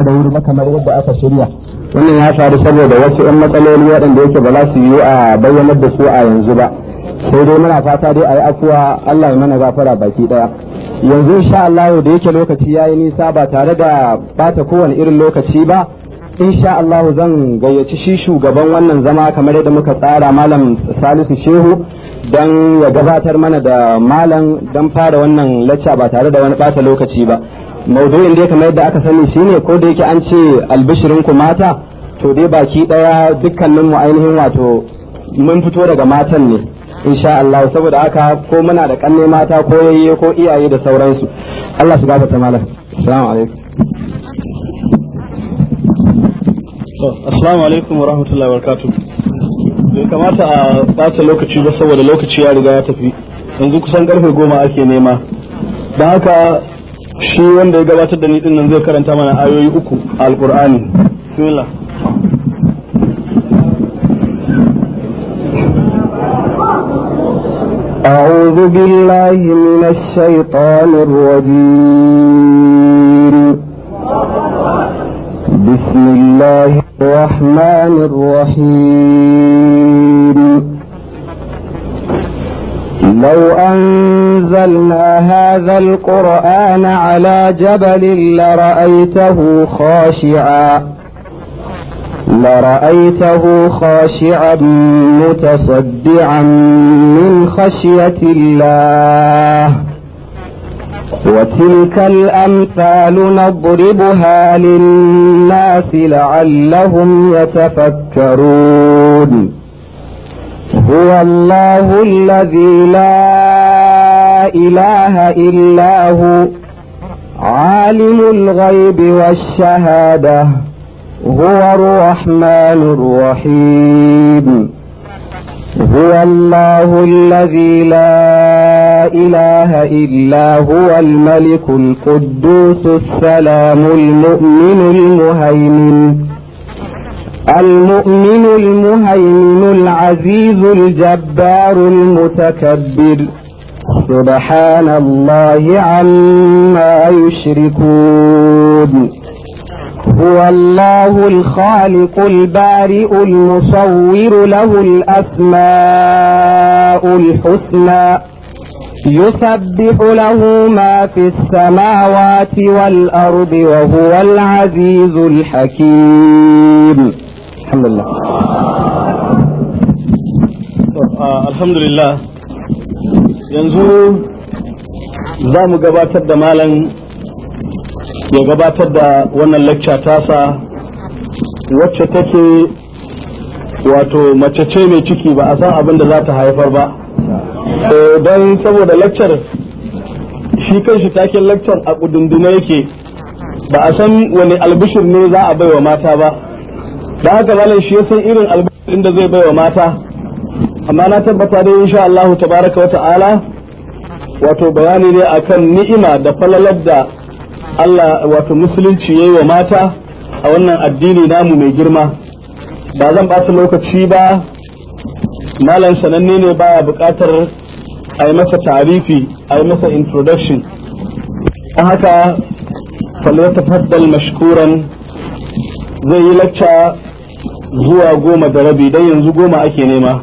da wuri kamar yadda aka shirya wannan ya faru saboda wasu 'yan matsaloli waɗanda yake ba za su yi a bayyanar da su a yanzu ba sai dai muna fata dai a yi afuwa Allah ya mana gafara baki ɗaya yanzu insha Allah da yake lokaci ya yi nisa ba tare da bata kowane irin lokaci ba insha Allah zan gayyaci shi shugaban wannan zama kamar yadda muka tsara malam Salisu Shehu don ya gabatar mana da malam don fara wannan lacca ba tare da wani bata lokaci ba maudu'in dai kamar yadda aka sani shine ko da yake an ce albishirin ku mata to dai baki daya dukkanin mu ainihin wato mun fito daga matan ne insha Allah saboda haka ko muna da kanne mata ko yayye ko iyaye da sauransu Allah su gafarta malam assalamu alaikum assalamu alaikum wa rahmatullahi wa barakatuh bai kamata a ɓata lokaci ba saboda lokaci ya riga ya tafi yanzu kusan karfe goma ake nema don haka shi wanda ya gabatar da ni din nan zai karanta mana ayoyi uku alqur'ani bismillah أعوذ بالله من الشيطان الرجيم بسم الله الرحمن الرحيم لو أنزلنا هذا القرآن على جبل لرأيته خاشعا لرأيته خاشعا متصدعا من خشية الله وتلك الأمثال نضربها للناس لعلهم يتفكرون هو الله الذي لا إله إلا هو عالم الغيب والشهادة هو الرحمن الرحيم هو الله الذي لا إله إلا هو الملك القدوس السلام المؤمن المهيمن المؤمن المهيمن العزيز الجبار المتكبر سبحان الله عما يشركون هو الله الخالق البارئ المصور له الأسماء الحسنى يسبح له ما في السماوات والأرض وهو العزيز الحكيم alhamdulillah ah, alhamdulillah yanzu za mu gabatar da malam ya gabatar da wannan lacca tasa wacce take wato mace ce mai ciki ba a san abin da za ta haifar ba don saboda laccar shi kan shi taken laccar a kudundune yake ba a san wani albishir ne za a baiwa mata ba da haka malam shi san irin albarkacin da zai baiwa mata amma na tabbata dai insha Allah tabaraka wa ta'ala wato bayani ne akan ni'ima da falalar da Allah wato musulunci yayi wa mata a wannan addini namu mai girma ba zan bata lokaci ba malam sananne ne baya bukatar a yi masa tarifi a yi masa introduction don haka falle tafaddal mashkuran zai yi lacca zuwa goma da rabi dan yanzu goma ake nema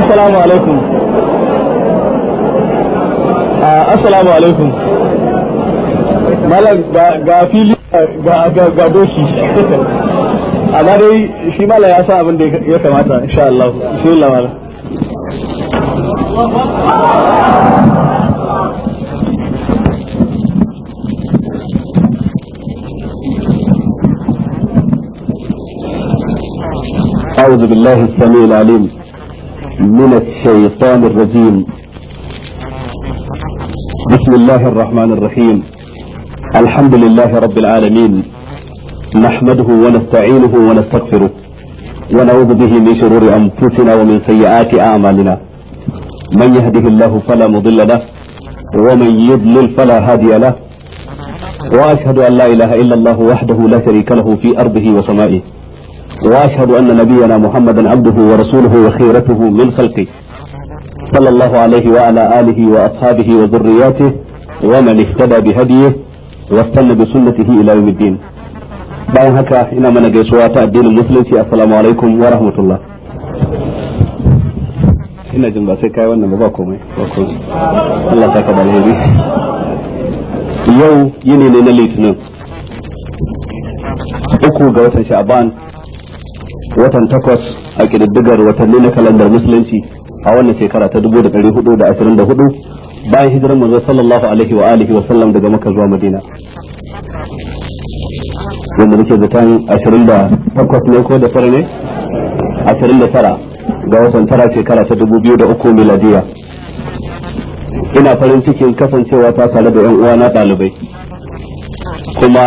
assalamu alaikum assalamu alaikum malam ga fili ga doki amma dai shi mala ya sa abin da ya kamata insha Allah sai lawala أعوذ بالله السميع العليم من الشيطان الرجيم بسم الله الرحمن الرحيم الحمد لله رب العالمين نحمده ونستعينه ونستغفره ونعوذ به من شرور أنفسنا ومن سيئات أعمالنا من يهده الله فلا مضل له ومن يضلل فلا هادي له واشهد ان لا اله الا الله وحده لا شريك له في ارضه وسمائه واشهد ان نبينا محمدا عبده ورسوله وخيرته من خلقه صلى الله عليه وعلى اله واصحابه وذرياته ومن اهتدى بهديه واستنى بسنته الى يوم الدين بعد هكا ina mana gaisuwa المسلم السلام عليكم ورحمه الله ina jin ba sai kai wannan ba ba komai ba komai Allah ta kaba alheri yau yini ne na litinin uku ga watan sha'ban watan takwas a kididdigar watanni na kalandar musulunci a wannan shekara ta 1424 bayan hijirar manzo sallallahu alaihi wa alihi wa sallam daga makka zuwa madina wanda nake zaton 28 ne ko da fara ne 29 ga wasan tara shekara ta dubu biyu da uku miladiya ina farin cikin kasancewa ta tare da 'yan uwana ɗalibai kuma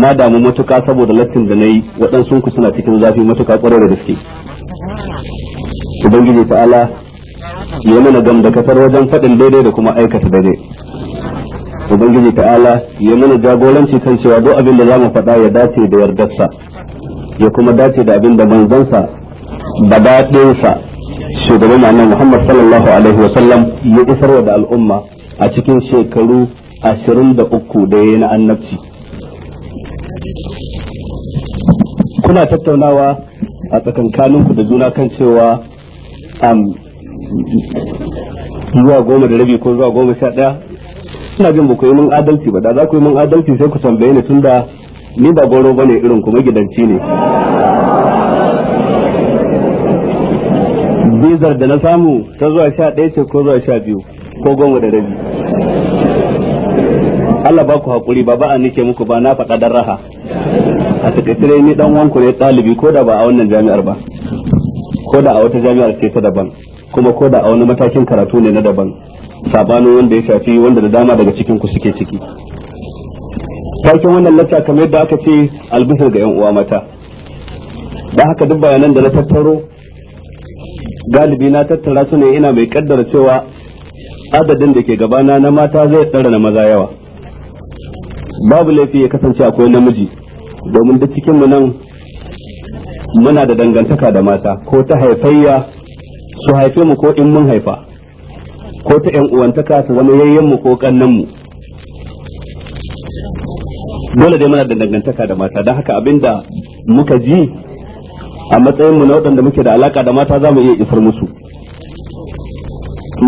na damu matuka saboda lattin da na yi waɗansu ku suna cikin zafi matuka ƙwarar da gaske ubangiji ta'ala ya mana gamdakatar wajen faɗin daidai da kuma aikata daidai ubangiji ta'ala ya mana jagoranci kan cewa duk abin da za mu faɗa ya dace da yardarsa ya kuma dace da abin da manzansa gaba ɗinsa shugaban annabi Muhammad sallallahu alaihi wa sallam ya isarwa da al'umma a cikin shekaru ashirin da uku da ya na annabci kuna tattaunawa a tsakankaninku da juna kan cewa zuwa goma da rabi ko zuwa goma sha ɗaya suna jin ba ku yi mun adalci ba da za ku yi mun adalci sai ku tambaye ni da ni ba goro ba ne irin kuma gidanci ne izar da na samu ta zuwa sha ɗaya ce ko zuwa sha biyu ko goma da rabi Allah ba ku haƙuri ba ba a nike muku ba na faɗa dan raha a takaice ni dan wanku ne ɗalibi ko da ba a wannan jami'ar ba ko da a wata jami'ar ce ta daban kuma ko da a wani matakin karatu ne na daban sabano wanda ya shafi wanda da dama daga cikin ku suke ciki Takin wannan lacca kamar yadda aka ce albishir ga yan uwa mata da haka duk bayanan da na tattaro galibi na tattara su ne ina mai kaddara cewa adadin da ke gabana na mata zai tsara na maza yawa babu laifi ya kasance akwai namiji domin duk cikin mu nan muna da dangantaka da mata ko ta haifayya su haife mu ko in mun haifa ko ta yan uwantaka su zama yayyen mu ko kannan mu dole dai muna da dangantaka da mata don haka abinda muka ji a matsayin mu na waɗanda muke da alaka da mata za mu iya isar musu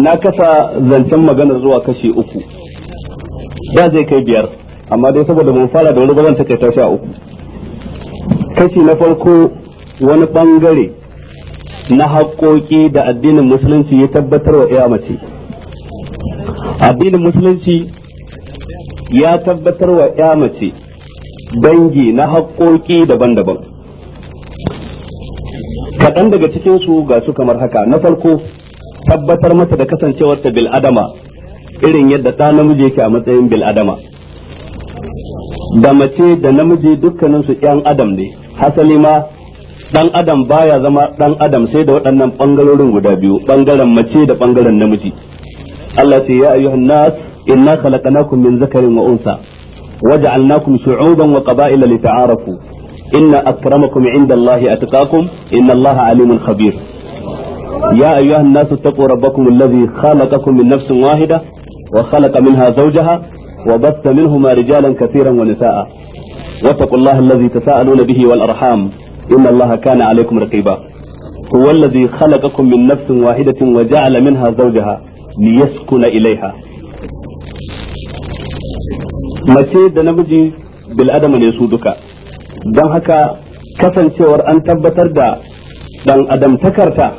na kasa zancen maganar zuwa kashe uku da zai kai biyar amma dai saboda mun fara da wani bazan takaita shi a uku kashi na farko wani bangare na haƙoƙi da addinin musulunci ya tabbatar wa iya mace addinin musulunci ya tabbatar wa iya mace dangi na haƙoƙi daban-daban kaɗan daga cikin su ga su kamar haka na farko tabbatar mata da kasancewarta bil adama irin yadda ta namiji yake a matsayin bil adama da mace da namiji dukkanin su ɗan adam ne hasali ma dan adam baya zama dan adam sai da waɗannan bangarorin guda biyu bangaren mace da bangaren namiji Allah ce ya ayyuhan nas inna khalaqnakum min zakarin wa unsa waja'alnakum shu'uban wa qaba'ila lita'arafu إن أكرمكم عند الله أتقاكم إن الله عليم خبير يا أيها الناس اتقوا ربكم الذي خلقكم من نفس واحدة وخلق منها زوجها وبث منهما رجالا كثيرا ونساء واتقوا الله الذي تساءلون به والأرحام إن الله كان عليكم رقيبا هو الذي خلقكم من نفس واحدة وجعل منها زوجها ليسكن إليها مسيد نمجي بالأدم bil don haka kasancewar an tabbatar da dan adamtakarta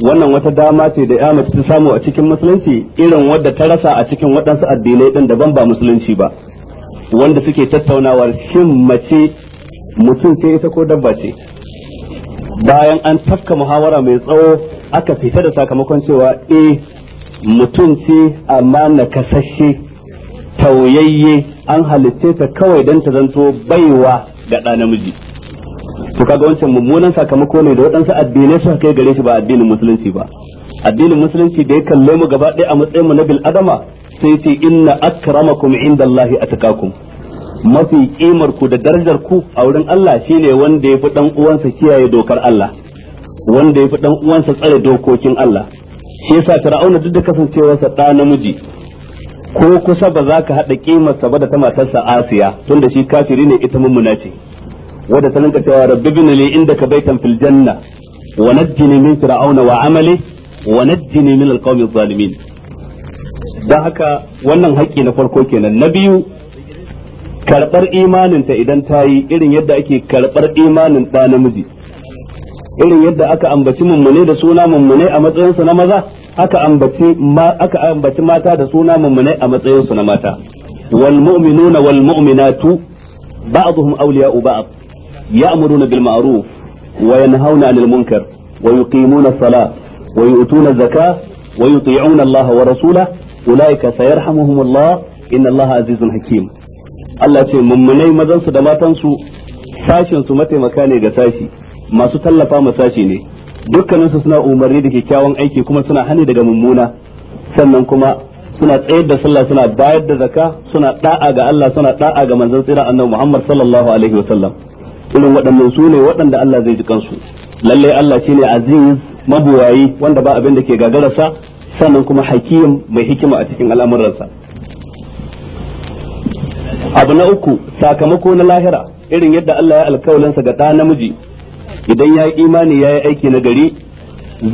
wannan wata dama ce da mace ta samu a cikin musulunci irin wadda ta rasa a cikin waɗansu addinai ɗin daban ba musulunci ba wanda suke tattaunawar shin mace mutum ce ita ko dabba ce bayan an tafka muhawara mai tsawo aka fita da sakamakon cewa e mutum ce amma na kasashe tauyayye an halitta ta kawai don ta zanto baiwa ga ɗa namiji to kaga wancan mummunan sakamako ne da waɗansu addinai suka kai gare shi ba addinin musulunci ba addinin musulunci da ya kalle mu gaba ɗaya a matsayin mu na bil adama sai ce inna akramakum indallahi atakakum mafi kimar ku da darajar ku a wurin Allah shine wanda ya fi ɗan uwansa kiyaye dokar Allah wanda ya fi dan uwansa tsare dokokin Allah shi yasa fir'auna duk da kasancewarsa ɗa namiji ko kusa ba za ka haɗa ƙimarsa ba da ta matarsa asiya tun da shi kafiri ne ita mummuna ce wadda ta ninka cewa rabbi bin ali inda ka baitan fil janna wa najjini min fir'auna wa amali wa najjini min alqawmi zalimin dan haka wannan haƙƙi na farko kenan na biyu karɓar imaninta idan ta yi irin yadda ake karɓar imanin ɗa namiji irin yadda aka ambaci mummune da suna mummune a matsayinsa na maza aka ambaci mata da suna mummunai a matsayinsu na mata wal mu'minuna wal mu'minatu ba'dhum awliya'u ba'd ya'muruna bil ma'ruf wa yanhauna 'anil munkar wa yuqimuna as-salata wa yu'tuna az-zakata wa yuti'una Allah wa rasulahu ulaika sayarhamuhumullah inna Allah azizun hakim Allah ce mummunai mazan su da matan su sashin su mataimaka ne ga sashi masu tallafa ma sashi ne dukkaninsu suna umarni da kyakkyawan aiki kuma suna hani daga mummuna sannan kuma suna tsayar da sallah suna bayar da zaka suna da'a ga Allah suna da'a ga manzon tsira annabi Muhammad sallallahu alaihi wasallam irin waɗannan su ne waɗanda Allah zai ji kansu lalle Allah shine aziz mabuwayi wanda ba abin da ke gagararsa sannan kuma hakim mai hikima a cikin al'amuransa abu na uku sakamako na lahira irin yadda Allah ya sa ga ɗa namiji idan ya yi imani ya yi aiki na gari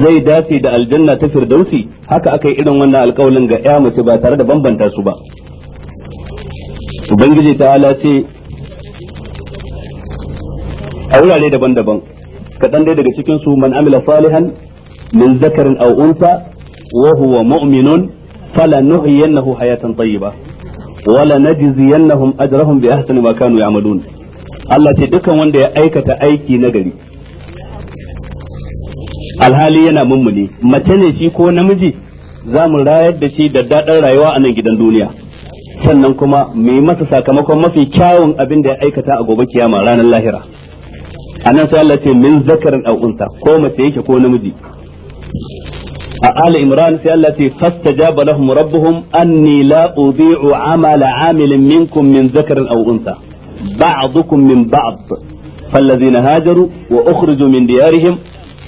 zai dace da aljanna ta firdausi haka aka yi irin wannan alkawalin ga ya mace ba tare da bambanta su ba ubangiji ta ala ce a wurare daban-daban kaɗan dai daga cikin su man amila salihan min zakarin aw unsa wa huwa mu'minun fala nuhyiyannahu hayatan tayyiba wala najziyannahum ajrahum bi ahsani ma kanu ya'malun Allah ce dukan wanda ya aikata aiki nagari alhali yana mummuni mace ne shi ko namiji za mu rayar da shi da daɗin rayuwa a nan gidan duniya sannan kuma mu yi masa sakamakon mafi kyawun abin da ya aikata a gobe kiyama ranar lahira a nan sai Allah ce min zakarin aw ko mace yake ko namiji a ali imran sai Allah ce fastajaba lahum rabbuhum anni la udi'u amala amilin minkum min zakarin aw ba'dukum min ba'd فالذين wa وأخرجوا من ديارهم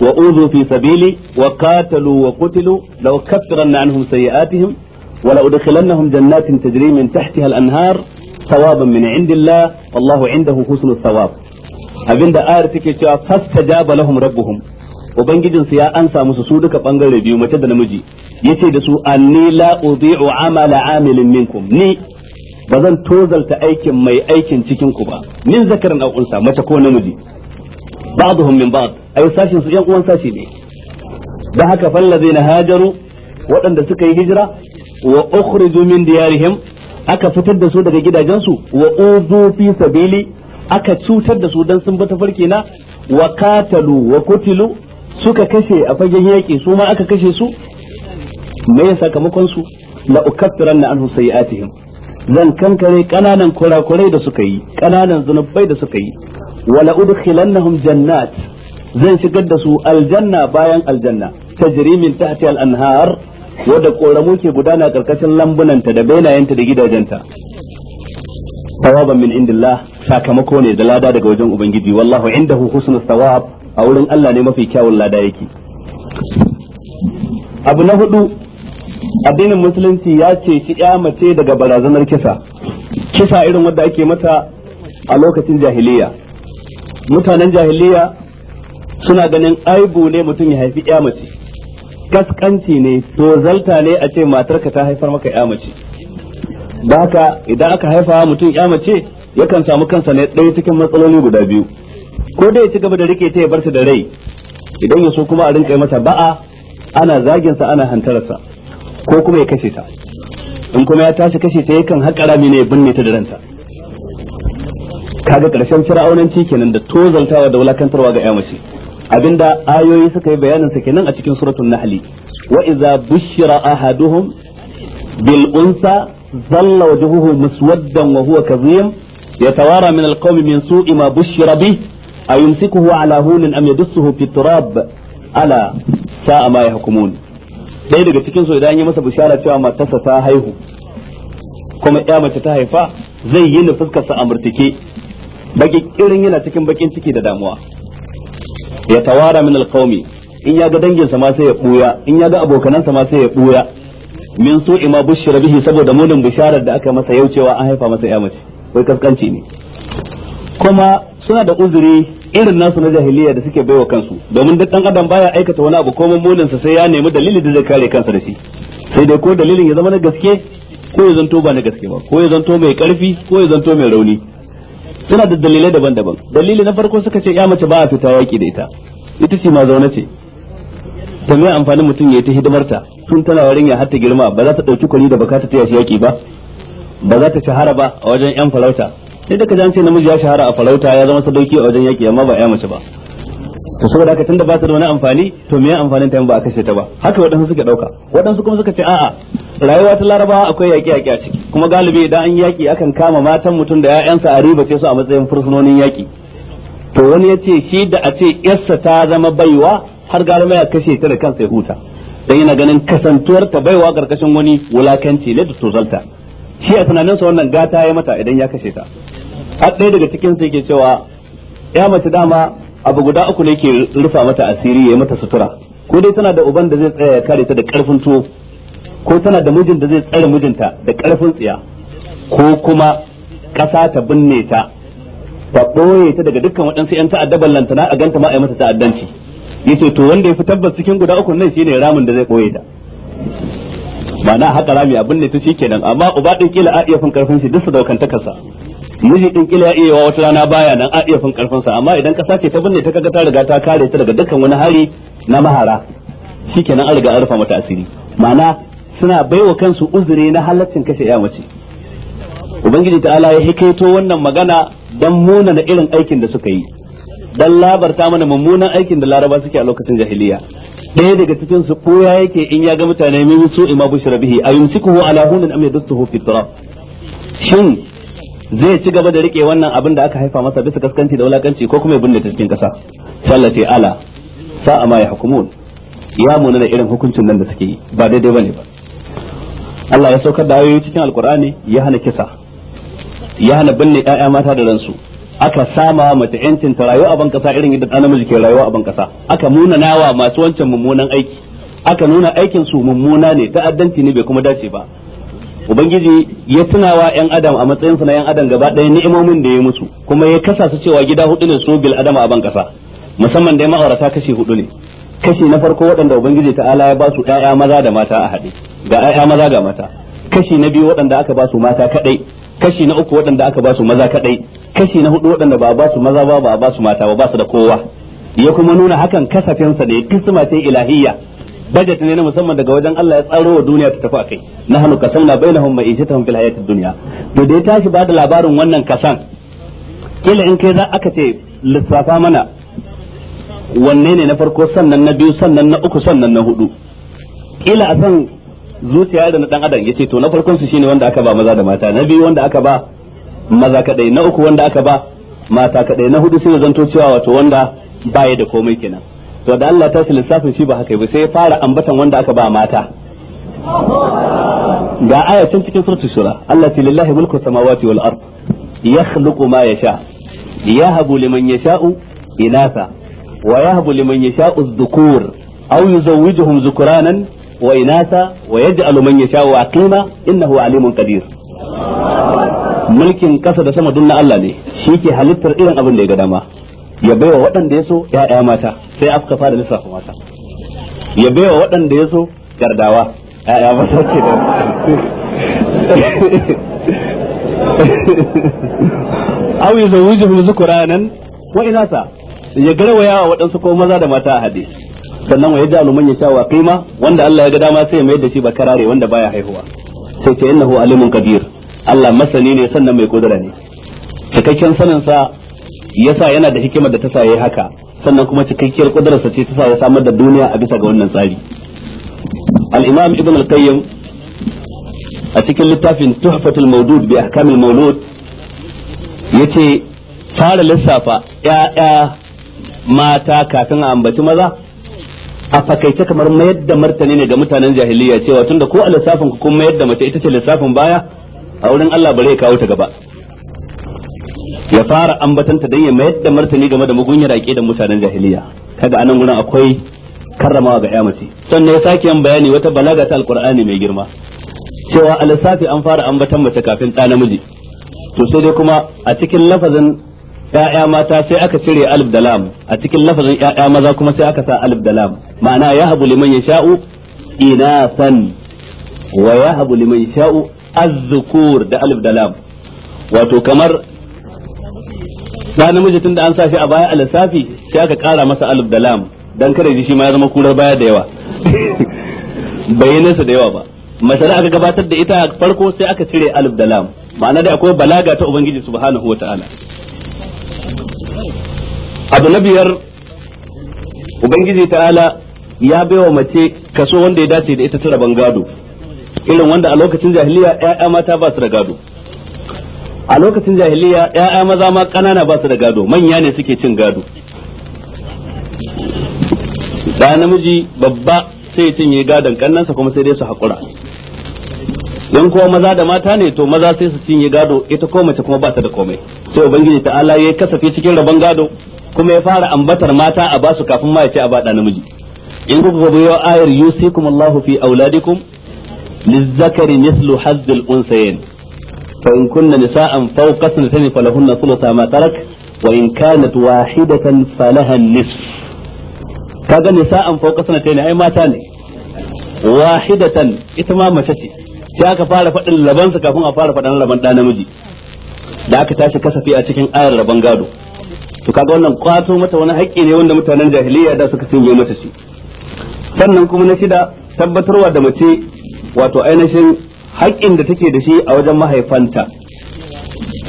wa uzu fi sabili wa katalu wa qutilu law kaffaranna anhum sayi'atihim wa la udkhilannahum jannatin tajri min tahtiha anhar thawaban min indillah wallahu indahu husnul thawab abinda ayar take cewa fastajaba lahum rabbuhum ubangijinsu ya ansa musu su duka bangare biyu mace da namiji yace da su anni la udhi'u amala amilin minkum ni bazan tozalta aikin mai aikin cikin ku ba min zakarin au unsa mace ko namiji ba'dhum min ba'd ai sashin su yan uwan sashi ne da haka na hajaru waɗanda suka yi hijira wa ukhriju min diyarihim aka fitar da su daga gidajensu wa uzu fi sabili aka cutar da su dan sun bi tafarki na wa katalu wa kutilu suka kashe a fagen yaki su ma aka kashe su me ya sakamakon su la ukaffiranna anhu sayi'atihim zan kankare kananan kurakurai da suka yi kananan zunubai da suka yi wala udkhilannahum jannat zan shigar da su aljanna bayan aljanna tajri min tahti al-anhar wadda koramu ke gudana karkashin lambunanta da bainayenta da gidajenta tawaban min indillah sakamako ne da lada daga wajen ubangiji wallahu indahu husnul thawab a wurin Allah ne mafi kyawun lada yake abu na hudu addinin musulunci ya ce ya mace daga barazanar kisa kisa irin wadda ake mata a lokacin jahiliya mutanen jahiliya suna ganin aibu ne mutum ya haifi ya mace kaskanci ne to zalta ne a ce matarka ta haifar maka ya mace Ba haka idan aka haifa mutum ya mace yakan samu kansa ne ɗaya cikin matsaloli guda biyu ko dai ya ci gaba da rike ta ya bar da rai idan ya so kuma a rinka mata ba'a ana zaginsa ana hantararsa ko kuma ya kashe ta in kuma ya tashi kashe ta yakan haƙa rami ne ya binne ta da ranta kaga karshen fir'aunanci kenan da tozaltawa da wulakantarwa ga ya mace abinda ayoyi suka yi bayanin sa kenan a cikin suratul nahli wa iza bushira ahaduhum bil unsa zalla wajhuhu muswaddan wa huwa kadhim yatawara min al min su'i ma bushira bih ayumsikuhu ala hunin am yadussuhu fi turab ala sa'a ma yahkumun ɗaya daga cikin su idan yi masa bishara cewa matarsa ta haihu kuma ya mace ta haifa zai yi na fuskarsa a amurtike baki irin yana cikin bakin ciki da damuwa ya tawara min alqaumi in ya ga danginsa ma sai ya buya in ya ga abokanansa ma sai ya buya min su ima bushira bihi saboda munin bisharar da aka masa yaucewa an haifa masa ya mace wai kaskanci ne kuma suna da uzuri irin nasu na jahiliya da suke baiwa kansu domin duk dan adam baya aikata wani abu ko mummunin sa sai ya nemi dalili da zai kare kansa da shi sai dai ko dalilin ya zama na gaske ko ya zanto ba na gaske ba ko ya zanto mai karfi ko ya zanto mai rauni suna da dalilai daban-daban dalili na farko suka ce ya mace ba a fita yaki da ita ita ce ma zaune ce ta mai amfanin mutum ya yi ta hidimarta tun tana yarinya har ta girma ba za ta ɗauki kwani da bakata ta taya shi yaki ba ba za ta shahara ba a wajen yan farauta sai da ka an namiji ya shahara a farauta ya zama sadauki a wajen yaki amma ba ya mace ba to saboda haka tunda ba ta da wani amfani to me amfanin ta ba a kashe ta ba haka waɗansu suka ɗauka waɗansu kuma suka ce a'a rayuwa ta laraba akwai yaki yaki a ciki kuma galibi idan an yaki akan kama matan mutum da ƴaƴansa a riba ce su a matsayin fursunonin yaki to wani ya ce shi da a ce yarsa ta zama baiwa har gara ya kashe ta da kansa ya huta dan yana ganin kasantuwar ta baiwa karkashin wani wulakanci ne da tozalta shi a tunaninsa wannan gata ya mata idan ya kashe ta har ɗaya daga cikin su ke cewa ya mace dama abu guda uku ne ke rufa mata asiri ya mata sutura ko dai tana da uban da zai tsaya ya kare ta da karfin tuwo ko tana da mijin da zai tsare mijinta da karfin tsiya ko kuma ƙasa ta binne ta ta ɓoye ta daga dukkan waɗansu 'yan ta'addaban lantana a ganta ma a yi mata ta'addanci yace to wanda ya fi tabbas cikin guda uku nan shine ramin da zai ɓoye ta ma'ana haka rami abin ne ta shi kenan amma uba din kila a iya fin karfin shi duk sadaukantakarsa miji din kila ya iya wata rana baya nan a iya fin karfin sa amma idan kasa ce ta binne ta kaga ta riga ta kare ta daga dukkan wani hari na mahara shikenan an riga an rufa mata asiri ma'ana suna baiwa kansu uzuri na halaccin kashe ya mace ubangiji ta'ala ya hikaito wannan magana dan muna da irin aikin da suka yi dan labarta mana mummunan aikin da laraba suke a lokacin jahiliya ɗaya daga cikin su koya yake in ya ga mutane min su ima bushra bihi ayumsikuhu ala hunin am yadsuhu fi tura shin zai ci gaba da rike wannan abin da aka haifa masa bisa kaskanci da wulakanci ko kuma ya binne cikin kasa sallati ala sa'a ma yahkumun ya muna da irin hukuncin nan da suke yi ba daidai bane ba Allah ya saukar da ayoyi cikin alkur'ani ya hana kisa ya hana binne ƴaƴa mata da ransu aka sama mace yancin ta rayuwa a ban kasa irin yadda ɗan namiji ke rayuwa a ban kasa aka munanawa masu wancan mummunan aiki aka nuna aikin su mummuna ne ta'addanci ne bai kuma dace ba ubangiji ya tunawa yan adam a matsayin sa na yan adam gaba ɗaya ni'imomin da ya musu kuma ya kasa su cewa gida hudu ne su bil adama a ban kasa musamman dai ma'aurata kashi hudu ne kashi na farko waɗanda ubangiji ta'ala ya ba su ƴaƴa maza da mata a haɗe ga ƴaƴa maza ga mata kashi na biyu waɗanda aka ba mata kaɗai kashi na uku waɗanda aka basu maza kaɗai kashi na hudu waɗanda ba ba su maza ba ba ba su mata ba ba su da kowa ya kuma nuna hakan kasafinsa ne kisma ce ilahiyya budget ne na musamman daga wajen Allah ya tsaro wa duniya ta tafi akai nahnu qasamna bainahum ma'ishatahum fil hayatid dunya to da ya tashi ba da labarin wannan kasan kila in kai za aka ce lissafa mana wanne ne na farko sannan na biyu sannan na uku sannan na hudu kila a san zuciya da na dan adam yace to na farkon su shine wanda aka ba maza da mata na biyu wanda aka ba maza kadai na uku wanda aka ba mata kadai na hudu sai zanto cewa wato wanda baya da komai kenan to da Allah ta su lissafin shi ba haka ba sai ya fara ambatan wanda aka ba mata ga aya can cikin suratul shura Allah ta lillahi mulku samawati wal ard yakhluqu ma yasha yahabu liman yasha'u inatha wa yahabu liman yasha'u adh-dhukur aw yuzawwijuhum dhukranan wa inatha wa yaj'alu man yasha'u aqima innahu alimun qadir mulkin kasa da sama duk na Allah ne shi ke halittar irin abin da ya ga dama ya baiwa waɗanda ya so ya'ya mata sai aka fara lissafa mata ya baiwa waɗanda ya so gardawa ya'ya mata ce da aw yuzawwijuhum zukranan wa inasa ya garwaya wa waɗansu ko maza da mata a hade sannan wa yaj'alu ya sha wa qima wanda Allah ya ga dama sai ya mayar da shi bakarare wanda baya haihuwa sai ta innahu alimun kabir Allah masani ne sannan mai kudura ne cikakken sanin sa yasa yana da hikimar da ta sa haka sannan kuma cikakkiyar kudurarsa ce ta sa ya samar da duniya a bisa ga wannan tsari al-imam ibn al-qayyim a cikin littafin tuhfatul mawdud bi ahkamil mawlud yace fara lissafa ya'ya mata kafin a ambaci maza a fakaice kamar mayar da martani ne ga mutanen jahiliya cewa tunda ko a lissafin ku kun mayar da mace ita ce lissafin baya a wurin Allah bare ya kawo ta gaba ya fara ambatanta dan ya mayar da martani game da mugun rake da mutanen jahiliya kaga anan gurin akwai karramawa ga ya mace sannan ya sake yin bayani wata balaga ta alqur'ani mai girma cewa a lissafi an fara ambatan mace kafin ɗa namiji to sai dai kuma a cikin lafazin ya'ya mata sai aka cire alif da lam a cikin lafazin ya'ya maza kuma sai aka sa alif da lam ma'ana ya liman ya inasan wa ya liman sha'u Azzukur da alif da lam wato kamar da namiji tun da an sa a baya a lissafi sai aka kara masa alif da lam dan kare shi ma ya zama kurar baya da yawa bayyanarsa da yawa ba masala aka gabatar da ita a farko sai aka cire alif da lam ma'ana da akwai balaga ta ubangiji subhanahu wata'ala abu na biyar ubangiji ta'ala ya baiwa mace kaso wanda ya dace da ita tura bangado irin wanda a lokacin jahiliya ya'ya mata ba su da gado a lokacin jahiliya ya'ya maza ma kanana ba su da gado manya ne suke cin gado da namiji babba sai cinye gadon kannansa kuma sai dai su haƙura don kuma maza da mata ne to maza sai su cinye gado ita ko mace kuma ba ta da komai sai ubangiji ta ala ya kasafe cikin rabon gado kuma ya fara ambatar mata a basu kafin ma ya ce a bada namiji in kuka gobe yau ayar yusikum Allahu fi auladikum للذكر مثل حظ الأنثيين فإن كن نساء فوق اثنتين فلهن ثلث ما ترك وإن كانت واحدة فلها النصف كذا نساء فوق اثنتين أي ما تاني واحدة إتمام مشتي sai aka fara faɗin labansa kafin a لبن faɗin laban ɗa تاشي كسفي aka tashi kasafi a cikin ayar rabon gado to kaga wannan kwato mata wani haƙƙi ne wanda mutanen jahiliya da suka cinye mata shi sannan kuma na shida tabbatarwa da mace wato ainihin haƙƙin da take da shi a wajen mahaifanta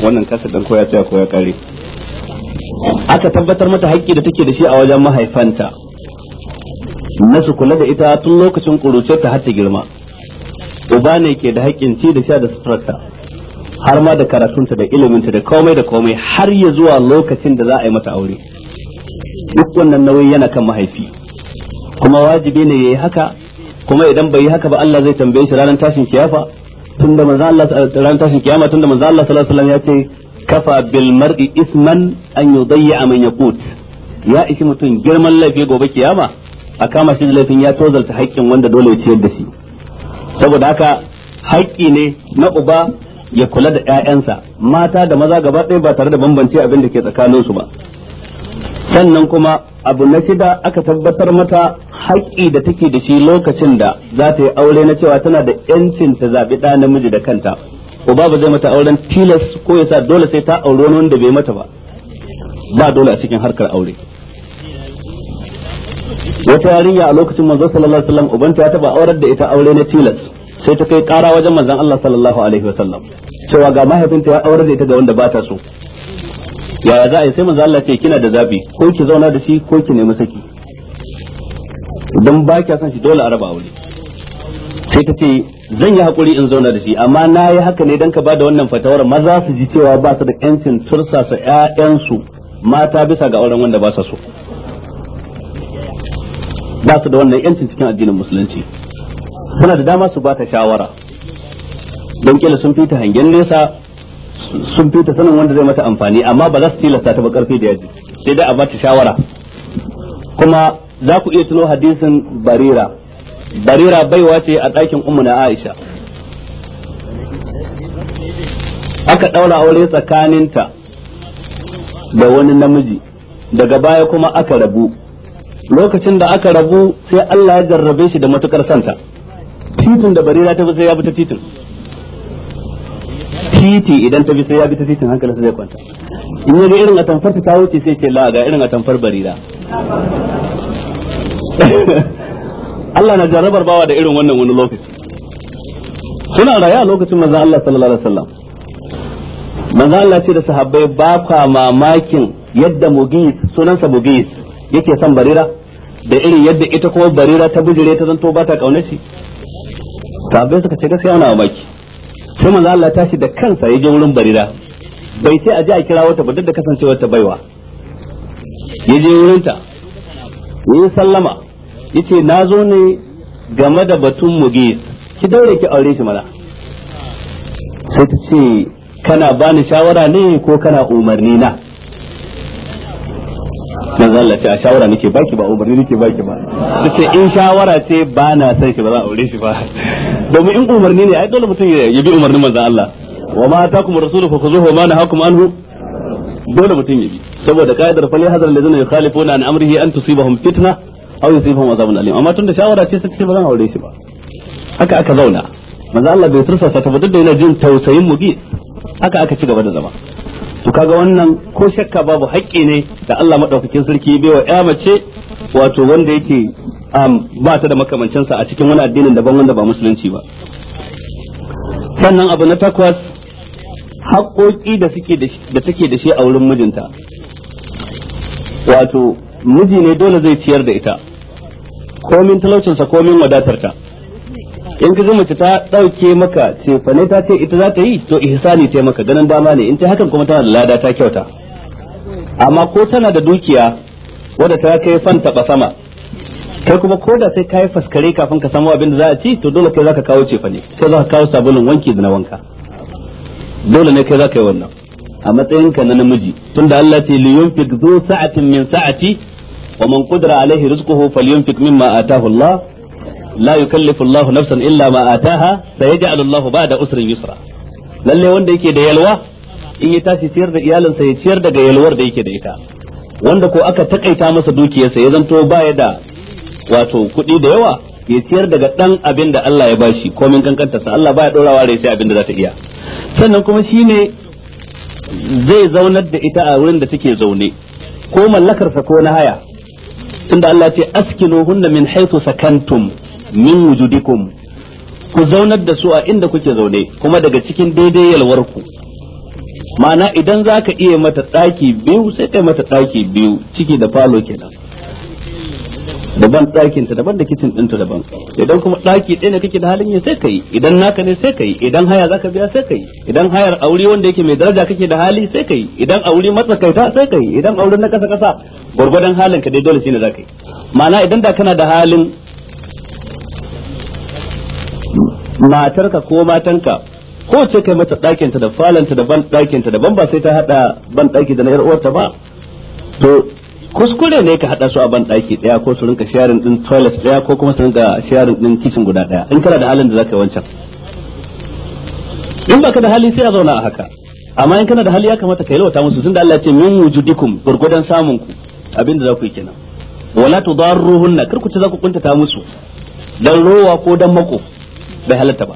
wannan kasa dan koya tsaya koya kare aka tabbatar mata haƙƙi da take da shi a wajen mahaifanta na su kula da ita tun lokacin ƙuruce ta hatta girma uba ne ke da haƙƙin ci da sha da suturarta har ma da karatunta da iliminta da komai da komai har ya zuwa lokacin da za a yi mata aure duk wannan nauyi yana kan mahaifi kuma wajibi ne ya yi haka kuma idan bai yi haka ba Allah zai tambaye shi ranar tashin kiyama tunda manzo Allah ranar tashin kiyama tunda manzo Allah sallallahu alaihi wasallam ya ce kafa bil mar'i isman an yudayya man yaqut ya ishi mutum girman laifi gobe kiyama a kama shi da laifin ya tozalta haƙƙin wanda dole ya ciyar da shi saboda haka haƙƙi ne na uba ya kula da ƴaƴansa mata da maza gaba ɗaya ba tare da bambance abin da ke tsakaninsu ba sannan kuma abu na shida aka tabbatar mata haƙƙi da take da shi lokacin da za ta yi aure na cewa tana da yancin ta zaɓi ɗa namiji da kanta uba ba zai mata auren tilas ko ya sa dole sai ta aure wani wanda bai mata ba ba dole a cikin harkar aure wata yarinya a lokacin manzo sallallahu alaihi wasallam ubanta ya taba aurar da ita aure na tilas sai ta kai ƙara wajen manzon Allah sallallahu alaihi wasallam cewa ga mahaifinta ya aurar da ita ga wanda ba ta so yaya za a yi sai manzo Allah ce kina da zabi ko ki zauna da shi ko ki nemi saki idan ba kya son shi dole a raba aure sai ta ce zan yi hakuri in zauna da shi amma na yi haka ne dan ka bada wannan fatawar maza su ji cewa ba su da yancin tursasa ƴaƴansu mata bisa ga auren wanda ba sa so ba su da wannan yancin cikin addinin musulunci suna da dama su ba ta shawara don kila sun fita hangen nesa sun fi ta sanin wanda zai mata amfani amma ba za su tilasta ta ba karfi da yaji sai dai a bata shawara kuma za ku iya tuno hadisin barira barira baiwa ce a ɗakin umu na aisha aka ɗaura aure tsakaninta da wani namiji daga baya kuma aka rabu lokacin da aka rabu sai Allah ya jarrabe shi da matukar santa titin da barira ta fi sai ya bi ta titin titi idan ta bi sai ya bi ta titin hankalinsa zai kwanta in yi irin a ta ta wuce sai ce la'aga ga irin tamfar barira Allah na jarabar bawa da irin wannan wani lokaci suna raya a lokacin manzon Allah sallallahu alaihi wasallam manzon Allah ce da sahabbai ba kwa mamakin yadda mugis sunansa mugis yake son barira da irin yadda ita kuma barira ta bujire ta zanto ba ta kaunar shi sahabbai suka ce gaskiya wani mamaki sai manzo Allah tashi da kansa ya je wurin barira bai sai a ji a kira wata ba duk da kasancewar ta baiwa ya je wurin ta ya sallama yace na zo ne game da batun muge ki daure ki aure shi mana sai ta ce kana bani shawara ne ko kana umarni na dan Allah ce a shawara nake baki ba umarni nake baki ba sai in shawara ce ba na san shi ba za a aure shi ba domin in umarni ne ai dole mutum ya bi umarnin manzo Allah wa ma atakum rasulu fa khuzuhu ma nahakum anhu dole mutum ya bi saboda ka'idar fal yahzar ladina yukhalifuna an amrihi an tusibahum fitna aw yusibahum azabun alim amma tunda shawara ce sai ba za a aure shi ba haka aka zauna manzo Allah bai tursa ta ba duk da yana jin tausayin mu bi haka aka ci gaba da zama to kaga wannan ko shakka babu haƙƙi ne da Allah madaukakin sarki baiwa ya mace wato wanda yake ba ta da makamancinsa a cikin wani addinin daban wanda ba musulunci ba sannan abu na takwas haƙoƙi da suke da take da shi a wurin mijinta wato miji ne dole zai ciyar da ita komin talaucinsa komin wadatarta in ka zama ta ɗauke maka cefane ta ce ita za ta yi to ihsani ta maka ganin dama ne in ta hakan kuma tana da lada ta kyauta amma ko tana da dukiya wadda ta kai fan taba sama kai kuma ko da sai kai faskare kafin ka samu abin da za a ci to dole kai zaka kawo cefane ne za zaka kawo sabulun wanki da na wanka dole ne kai zaka yi wannan a matsayin ka na namiji tunda Allah ce li yunfiq zu sa'atin min sa'ati wa man qudira alaihi rizquhu falyunfiq mimma ataahu Allah la yukallifu Allahu nafsan illa ma ataha sayaj'alu Allahu ba'da usrin yusra Lallai wanda yake da yalwa in ya tashi ciyar da iyalinsa ya ciyar daga yalwar da yake da ita wanda ko aka takaita masa dukiyarsa ya zanto baya da wato kuɗi da yawa ya ciyar daga ɗan abin da Allah ya bashi komin kankantarsa Allah baya ɗorawa ya sai abin da za ta iya sannan kuma shi ne zai zaunar da ita a wurin da take zaune ko mallakarsa ko na haya tunda Allah ce askinu hunna min haythu sakantum min wujudikum ku zaunar da su a inda kuke zaune kuma daga cikin daidai yalwar ku ma'ana idan za ka iya mata daki biyu sai kai mata daki biyu ciki da falo kenan daban ɗakin ta daban da kicin ɗin ta daban idan kuma ɗaki ɗaya ne kake da halin ya sai kai idan naka ne sai kai idan haya zaka biya sai kai idan hayar aure wanda yake mai daraja kake da hali sai kai idan aure matsakaita sai kai idan aure na kasa kasa gurgurdan halin ka dai dole shine zaka yi ma'ana idan da kana da halin matarka ko matanka ko ce kai mata ɗakinta da ta da ban ɗakinta da ban ba sai ta hada ban ɗaki da na ta ba to kuskure ne ka hada su a ban ɗaki ɗaya ko su rinka sharing din toilet ɗaya ko kuma su rinka sharing din kitchen guda ɗaya in kana da halin da zaka yi wancan in baka da hali sai a zauna a haka amma in kana da hali ya kamata ka yalwata musu tunda Allah ya ce min wujudikum gurgudan samun ku abinda za ku yi kenan wala tudarruhunna kar ku ce za ku kuntata musu dan rowa ko dan mako bai halatta ba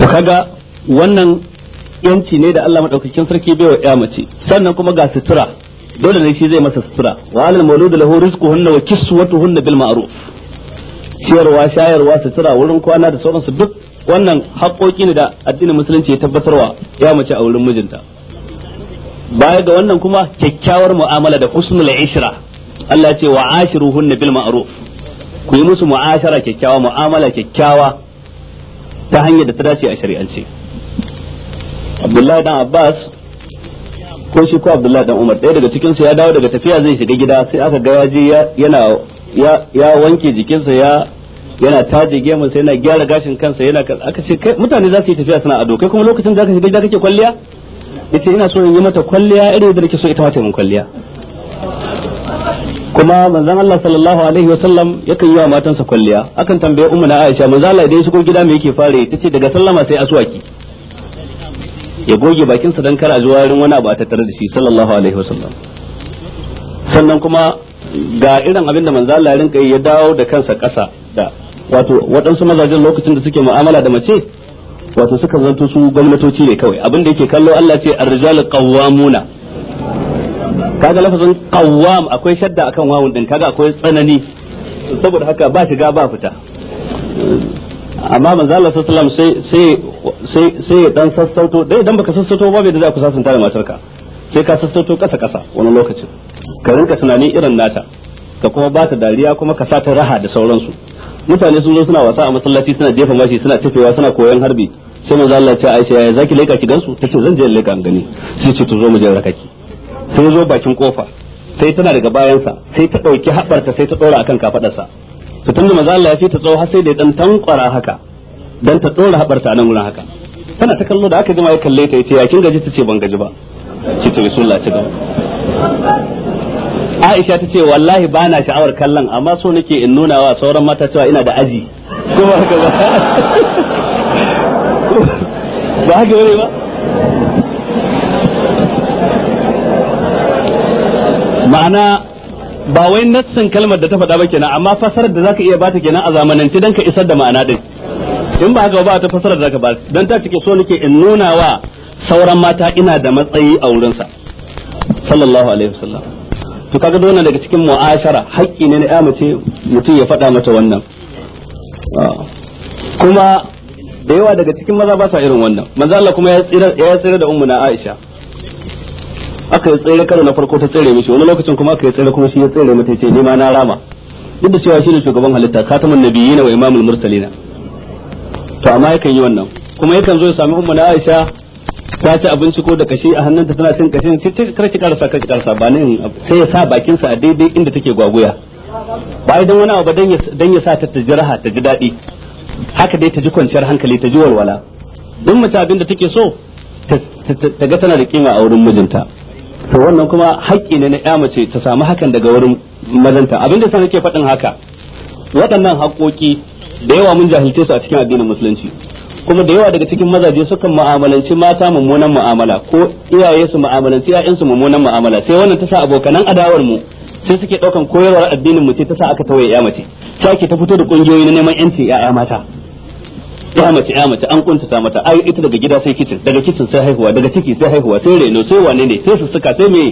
da kaga wannan yanci ne da Allah madaukakin sarki bai wa ya mace sannan kuma ga sutura dole ne shi zai masa sutura wa alal mawludu lahu rizquhunna wa kiswatuhunna bil ma'ruf ciyarwa shayarwa sutura wurin kwana da sauransu duk wannan haƙoƙi ne da addinin musulunci ya tabbatarwa ya mace a wurin mijinta baya ga wannan kuma kyakkyawar mu'amala da husnul ishra Allah ce wa ashiruhunna bil ma'ruf ku yi musu mu'ashara kyakkyawa mu'amala kyakkyawa ta hanyar da ta dace a shari'ance Abdullahi dan Abbas ko shi ko Abdullahi dan Umar ɗaya daga cikin su ya dawo daga tafiya zai shiga gida sai aka ga yaje yana ya wanke jikinsa ya yana taje gemu sai yana gyara gashin kansa yana aka ce kai mutane za su yi tafiya suna ado kai kuma lokacin da ka shiga gida kake kwalliya yace ina so in yi mata kwalliya irin da nake so ita mata mun kwalliya kuma manzon Allah sallallahu alaihi wa sallam yakan yi wa matansa kwalliya akan tambaye ummu na Aisha manzo Allah idan shigo gida me yake fare tace daga sallama sai aswaki ya goge bakin sa dan kar a zuwa wani abu a tattare da shi sallallahu alaihi wa sallam. sannan kuma ga irin abin da manzo Allah rinka ya dawo da kansa kasa da wato waɗansu mazajen lokacin da suke mu'amala da mace wato suka zanto su gwamnatoci ne kawai abin da yake kallo Allah ce ar-rijalu qawwamuna kaga lafazin qawwam akwai shadda akan wawun din kaga akwai tsanani saboda haka ba shiga ba fita amma manzo Allah sallallahu alaihi wasallam sai sai sai dan sassauto dai dan baka sassauto ba bai da zaka ku sasanta da matarka sai ka sassauto kasa kasa wani lokacin ka rinka tunani irin nata ka kuma ba ta dariya kuma ka sa ta raha da sauransu mutane sun zo suna wasa a masallaci suna jefa mashi suna tafewa suna koyon harbi sai manzo Allah ya ce Aisha ya zaki leka ki gansu tace zan je leka an gani sai ce to zo mu je rakaki sai zo bakin kofa sai tana daga bayansa sai ta ɗauki haɓarta sai ta ɗora akan kafaɗarsa to tunda maza Allah ya fi ta tsawo har sai da dan tankwara haka dan ta ɗora haɓarta nan wurin haka tana ta kallo da aka gama ya kalle ta yace ya kin gaji ta ce ban gaji ba ce ta Rasulullah ci gaba Aisha ta ce wallahi ba na sha'awar kallon amma so nake in nuna wa sauran mata cewa ina da aji kuma haka ba ba haka ba ma'ana ba wai nassan kalmar da ta faɗa ba kenan amma fasarar da zaka iya bata kenan a zamanance dan ka isar da ma'ana din in ba haka ba ta fasarar da zaka ba dan ta cike so nake in nuna wa sauran mata ina da matsayi a wurin sa sallallahu alaihi wasallam to kaga wannan daga cikin mu'ashara haƙƙi ne na ya mace mutum ya faɗa mata wannan ah. kuma da yawa daga cikin maza ba sa irin wannan manzo Allah kuma ya tsira da ummu na Aisha aka yi tsere karo na farko ta tsere mishi wani lokacin kuma aka yi tsere kuma shi ya tsere mata ce ni ma na rama duk da cewa shi ne shugaban halitta nabiyyi na wa imamul mursalina to amma yakan yi wannan kuma yakan zo ya sami umma na Aisha ta ci abinci ko da kashi a hannunta tana cin kashin sai karki karasa karki karasa ba ne sai ya sa bakin sa a daidai inda take gwaguya ba idan wani abu dan ya sa ta ta jiraha ta ji daɗi. haka dai ta ji kwanciyar hankali ta ji walwala duk mace abin da take so ta ga tana da kima a wurin mijinta to wannan kuma haƙƙi ne na ƴa mace ta samu hakan daga wurin mazanta abinda sai nake faɗin haka waɗannan haƙoƙi da yawa mun jahilce su a cikin addinin musulunci kuma da yawa daga cikin mazaje sukan mu'amalanci mata mummunan mu'amala ko iyaye su mu'amalanci ƴaƴan su mummunan mu'amala sai wannan ta sa abokanan adawar mu sai suke ɗaukan koyarwar addinin mu ce ta sa aka tawaye ƴa mace sai ta fito da ƙungiyoyi na neman ƴanci ƴaƴa mata ya mace ya mace an kuntata mata ai ita daga gida sai kitchen daga kitchen sai haihuwa daga ciki sai haihuwa sai reno sai wane ne sai su suka sai me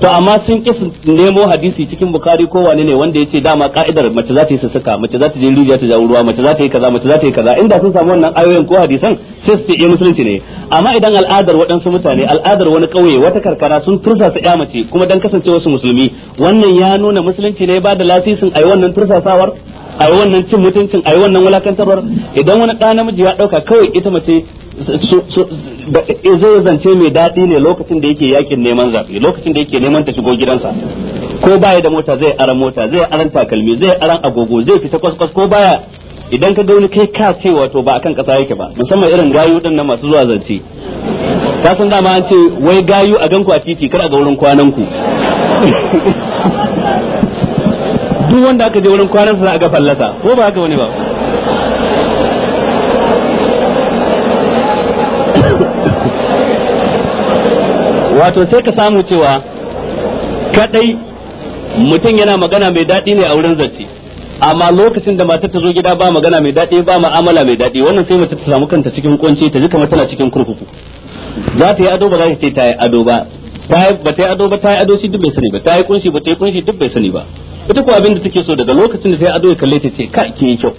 to amma sun ki nemo hadisi cikin bukari ko wane ne wanda yace dama ka'idar mace za ta yi sussuka mace za ta je rijiya ta jawo ruwa mace za ta yi kaza mace za ta yi kaza inda sun samu wannan ayoyin ko hadisan sai su ce eh, musulunci ne amma idan al'adar waɗansu mutane al'adar wani ƙauye wata karkara sun tursasa ya mace kuma dan kasancewa su musulmi wannan ya nuna musulunci ne ba da lasisin ai wannan tursasawar a yi wannan cin mutuncin a yi wannan wulakantarwar idan wani ɗa namiji ya ɗauka kawai ita mace zai zance mai daɗi ne lokacin da yake yakin neman zaɓe lokacin da yake neman ta shigo gidansa ko baya da mota zai aran mota zai aran takalmi zai aran agogo zai fita kwaskwas ko baya idan ka ga wani kai ka ce wato ba akan kasa yake ba musamman irin gayu din nan masu zuwa zance kasan san dama an ce wai gayu a ganku a titi kar a ga wurin kwanan ku duk wanda aka je wurin kwanan sa aka fallasa ko ba haka wani ba wato sai ka samu cewa kadai mutum yana magana mai daɗi ne a wurin zance amma lokacin da matar ta zo gida ba magana mai daɗi ba ma'amala mai daɗi wannan sai mutum ta samu kanta cikin kunci ta ji kamar tana cikin kurkuku za ta yi ado ba za ta ce ta yi ado ba ta yi ba ta yi ado ba ta yi ado shi duk bai sani ba ta yi kunshi ba ta yi kunshi duk bai sani ba ita kuwa abin da take so daga lokacin da sai ado ya kalle ta ce ka ke yi kyau